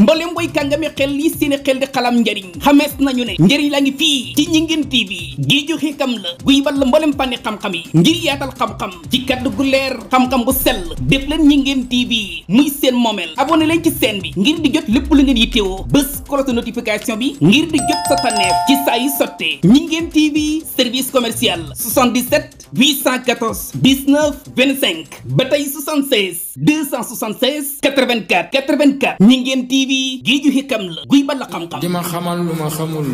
mbooleem boy kàngami xel yi seeni xel di xalam njariñ xamees nañu ne njariñ laa ngi fii ci Gninguène TV gii ju xikam la guy bal mbalem fànni xam-xam yi ngir yaatal xam-xam ci kaddu gu leer xam-xam bu sell def leen Gninguène TV muy seen moomeel abonné leen ci seen bi ngir di jot lépp lu ngeen yittewoo bés cloche notification bi ngir di jot sa tànneef ci saa yu sottee Gninguène TV service commercial 77 814 19 25 ba tey 76 276 84 84 ñi ngeen TV géeju xikam la guy ba la xam-xam. di ma xamal lu ma xamul.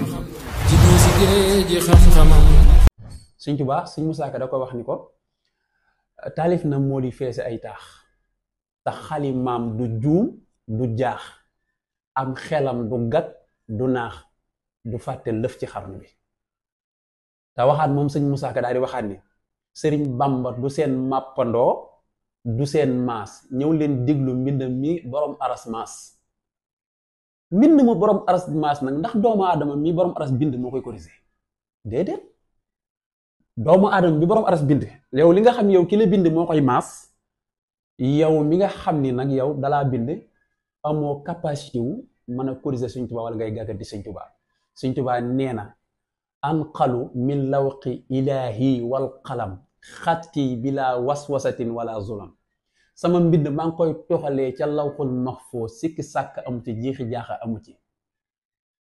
ci biir si géej xam-xamam. Sëñ Tuubaa Sëñ Musaa Ka da ko wax ni ko taalif na moo di feese ay taax tax xalimaam du juum du jaax am xelam du gàtt du naax du fàtte lëf ci xarnu bi te waxaat moom Sëñ Ka daal di ni. sëriñ bamba du seen màppandoo du seen maas ñëw leen déglu mbind mi borom aras maas mbind mu borom aras maas nag ndax doomu adama mi borom aras bind moo koy corriger déedéet doomu aadama bi borom aras bind yow li nga xam yow ki la bind moo koy maas yow mi nga xam ni nag yow dalaa bind amoo capacité wu mën a corriger Sëriñ Tuubaa wala ngay gàgganti Sëriñ Tuubaa Sëriñ Tuubaa nee na anqalu min lawqi ilaahi wal qalam bila waswasatin wala zulam sama mbind maa ngi koy toxalee ca lawxul maxfoo sikki sàkk amu ci jiixi jaaxa amu ci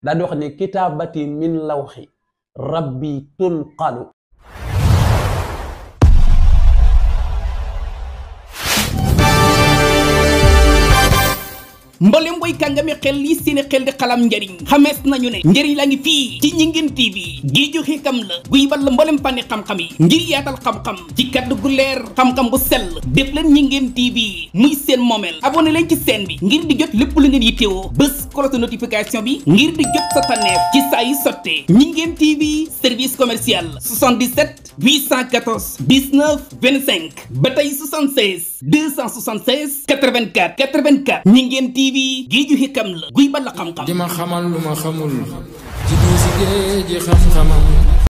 daa di min lawxi rabbi tunqalu mbooleem boy kàngami xel yi seeni xel di xalam njëriñ xamees nañu ne njëriñ laa ngi fii ci Gninguène TV gii ju xikam la guy bal mbalem fànni xam-xam yi ngir yaatal xam-xam ci kaddu gu leer xam-xam bu sell def leen Gninguène TV muy seen moomeel abonné leen ci seen bi ngir di jot lépp lu ngeen yittewoo bés cloche notification bi ngir di jot sa tànneef ci saa yu sottee Gninguène TV service commercial 77 814 19 25 ba tey 76 276 84 84 Gninguène TV géeju xikam la guy bala xam-xam di ma xamal lu ma xamul ci biir si géej gi